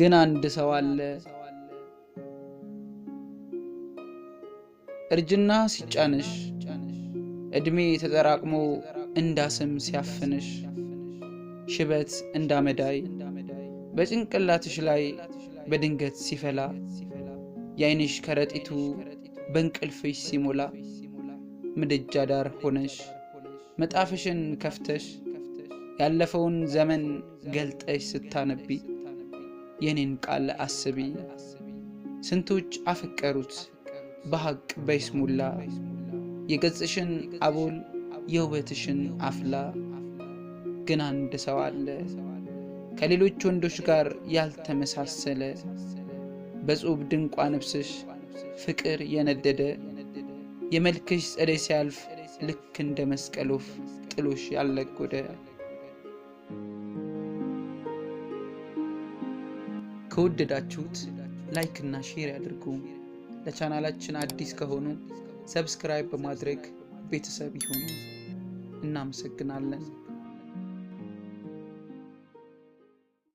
ግን አንድ ሰው አለ። እርጅና ሲጫንሽ፣ እድሜ ተጠራቅሞ እንዳስም ሲያፍንሽ፣ ሽበት እንዳመዳይ በጭንቅላትሽ ላይ በድንገት ሲፈላ፣ የአይንሽ ከረጢቱ በእንቅልፍሽ ሲሞላ፣ ምድጃ ዳር ሆነሽ መጣፍሽን ከፍተሽ ያለፈውን ዘመን ገልጠሽ ስታነቢ የኔን ቃል አስቢ። ስንቶች አፈቀሩት በሐቅ በይስሙላ የገጽሽን አቦል የውበትሽን አፍላ። ግን አንድ ሰው አለ ከሌሎች ወንዶች ጋር ያልተመሳሰለ በጹብ ድንቋ ነብስሽ ፍቅር የነደደ የመልክሽ ጸደይ ሲያልፍ ልክ እንደ መስቀል ወፍ ጥሎሽ ያለጎደ ከወደዳችሁት ላይክ እና ሼር ያድርጉ። ለቻናላችን አዲስ ከሆኑ ሰብስክራይብ በማድረግ ቤተሰብ ይሁኑ። እናመሰግናለን።